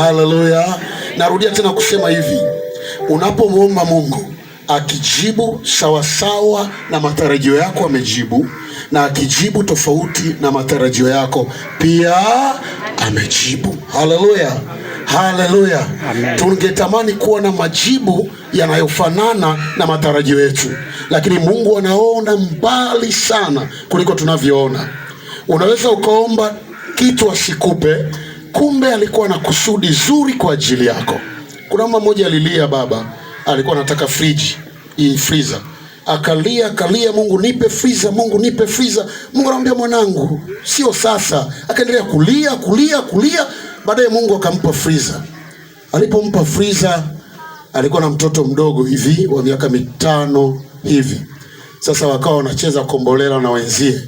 Haleluya. Narudia tena kusema hivi, unapomwomba Mungu akijibu sawasawa na matarajio yako amejibu, na akijibu tofauti na matarajio yako pia amejibu. Haleluya, haleluya. Tungetamani kuwa na majibu yanayofanana na matarajio yetu, lakini Mungu anaona mbali sana kuliko tunavyoona. Unaweza ukaomba kitu asikupe kumbe alikuwa na kusudi zuri kwa ajili yako. Kuna mama mmoja alilia, baba alikuwa anataka friji hii freezer, akalia akalia, Mungu nipe freezer, Mungu nipe freezer. Mungu anamwambia mwanangu, sio sasa. Akaendelea kulia kulia kulia, baadaye Mungu akampa freezer. Alipompa freezer, alikuwa na mtoto mdogo hivi wa miaka mitano hivi. Sasa wakawa wanacheza kombolela na wenzie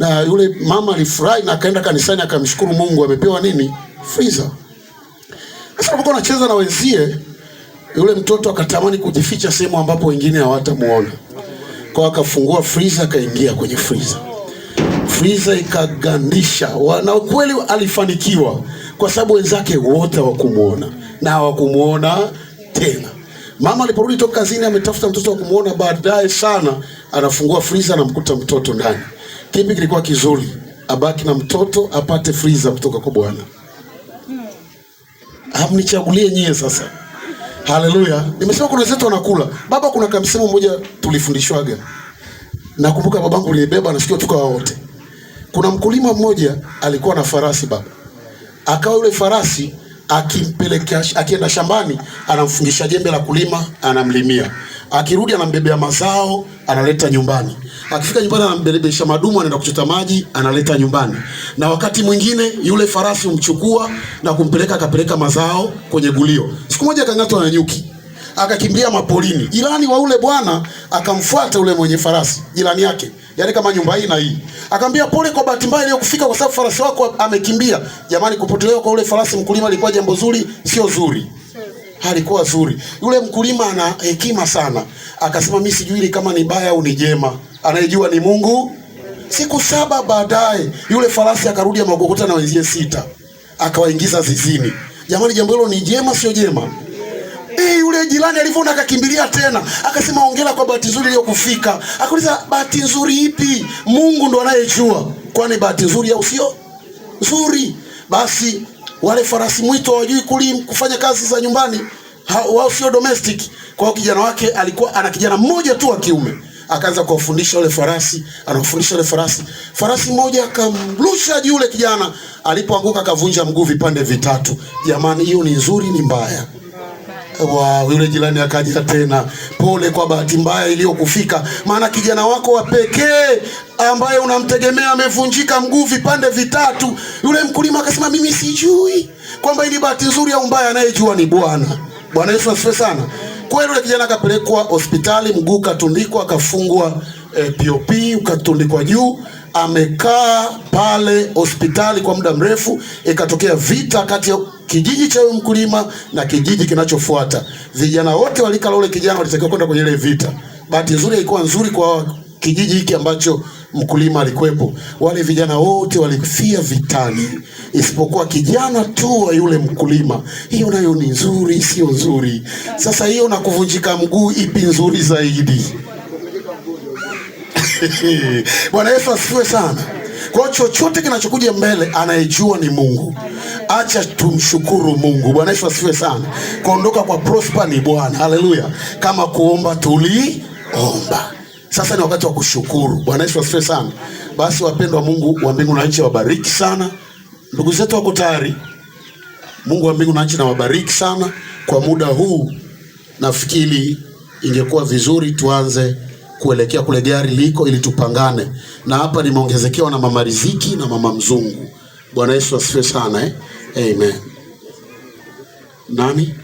na yule mama alifurahi na akaenda kanisani akamshukuru Mungu, amepewa nini? Freezer. Sasa alipokuwa anacheza na wenzie, yule mtoto akatamani kujificha sehemu ambapo wengine hawatamuona, kwa akafungua freezer, akaingia kwenye freezer freezer ikagandisha, na kweli alifanikiwa kwa sababu wenzake wote hawakumuona na hawakumuona tena. Mama aliporudi toka kazini, ametafuta mtoto wa kumuona baadaye sana, anafungua friza, anamkuta mtoto ndani. Kipi kilikuwa kizuri? Abaki na mtoto apate freezer kutoka kwa Bwana. Hmm. Hamnichagulie nyie sasa. Haleluya. Nimesema kuna zetu wanakula. Baba, kuna kamsemo mmoja tulifundishwaga. Nakumbuka babangu alinibeba nafikiri tukawa wote. Kuna mkulima mmoja alikuwa na farasi baba. Akawa yule farasi akimpelekea akienda shambani anamfungisha jembe la kulima anamlimia. Akirudi anambebea mazao analeta nyumbani, akifika nyumbani anambebesha madumu, anaenda kuchota maji analeta nyumbani, na wakati mwingine yule farasi humchukua na kumpeleka akapeleka mazao kwenye gulio. Siku moja akang'atwa na nyuki akakimbia mapolini. Jirani wa ule bwana akamfuata ule mwenye farasi, jirani yake, yani kama nyumba hii na hii, akamwambia pole kwa bahati mbaya iliyokufika kwa sababu farasi wako amekimbia. Jamani, kupotelewa kwa ule farasi mkulima ilikuwa jambo zuri, sio zuri? halikuwa zuri. Yule mkulima ana hekima sana, akasema mimi sijui kama ni baya au ni jema, anayejua ni Mungu. Siku saba baadaye yule farasi akarudi amekokota na wenzie sita, akawaingiza zizini. Jamani, jambo hilo ni jema, sio jema? Hey, eh, yule jirani alivyoona akakimbilia tena, akasema ongela kwa bahati nzuri iliyokufika. Akauliza bahati nzuri ipi? Mungu ndo anayejua, kwani bahati nzuri au sio nzuri? Basi wale farasi mwito hawajui kulim kufanya kazi za nyumbani wao sio domestic. Kwa hiyo kijana wake alikuwa ana kijana mmoja tu wa kiume, akaanza kuwafundisha wale farasi, anawafundisha wale farasi. Farasi mmoja akamrusha juu yule kijana, alipoanguka akavunja mguu vipande vitatu. Jamani, hiyo ni nzuri, ni mbaya? wa yule jirani akaja tena, pole kwa bahati mbaya iliyokufika, maana kijana wako wa pekee ambaye unamtegemea amevunjika mguu vipande vitatu. Yule mkulima akasema, mimi sijui kwamba ili bahati nzuri au mbaya, anayejua ni Bwana. Bwana Yesu asifiwe sana. Kwa hiyo yule kijana akapelekwa hospitali, mguu katundikwa, akafungwa eh, POP ukatundikwa juu amekaa pale hospitali kwa muda mrefu, ikatokea vita kati ya kijiji cha huyo mkulima na kijiji kinachofuata. Vijana wote walikala ule kijana walitakiwa kwenda kwenye ile vita. Bahati nzuri ilikuwa nzuri kwa kijiji hiki ambacho mkulima alikuwepo. Wale vijana wote walifia vitani, isipokuwa kijana tu wa yule mkulima. Hiyo nayo ni nzuri, sio nzuri? Sasa hiyo na kuvunjika mguu, ipi nzuri zaidi? Bwana Yesu asifiwe sana. Kwa chochote kinachokuja mbele, anayejua ni Mungu. Acha tumshukuru Mungu. Bwana Yesu asifiwe sana. Kuondoka kwa prosper ni Bwana. Haleluya. Kama kuomba tuliomba. Sasa ni wakati wa kushukuru. Bwana Yesu asifiwe sana. Basi wapendwa, Mungu wa mbingu na nchi wabariki sana. Ndugu zetu wako tayari. Mungu wa mbingu na nchi nawabariki sana kwa muda huu. Nafikiri ingekuwa vizuri tuanze kuelekea kule gari liko ili tupangane. Na hapa nimeongezekewa na mama Riziki na mama Mzungu. Bwana Yesu asifiwe sana eh? Amen. Nani?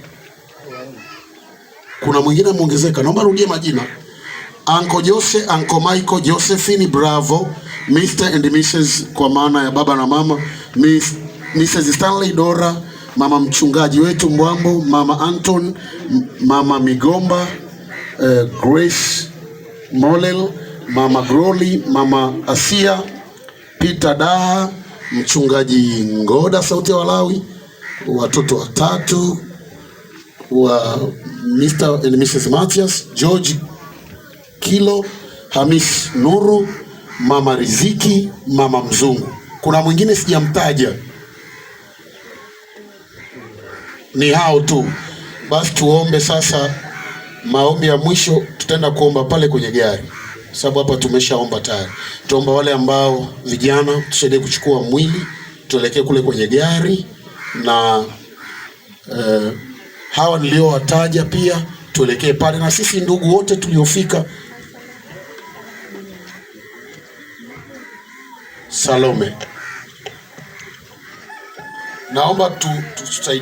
Kuna mwingine ameongezeka, naomba rudie majina. Uncle Jose, Uncle Michael, Josephine Bravo, Mr and Mrs kwa maana ya baba na mama, Miss, Mrs Stanley Dora, mama mchungaji wetu Mbwambo, mama Anton, mama Migomba, uh, Grace Molel, Mama Groli, Mama Asia, Peter Daha, Mchungaji Ngoda, Sauti ya Walawi, watoto watatu wa Mr. and Mrs. Matias, George Kilo, Hamis Nuru, Mama Riziki, Mama Mzungu. Kuna mwingine sijamtaja, ni hao tu. Basi tuombe sasa maombi ya mwisho tutaenda kuomba pale kwenye gari, sababu hapa tumeshaomba tayari. Tuomba wale ambao vijana, tusaidie kuchukua mwili tuelekee kule kwenye gari, na eh, hawa niliowataja pia tuelekee pale, na sisi ndugu wote tuliofika Salome, naomba tu, tu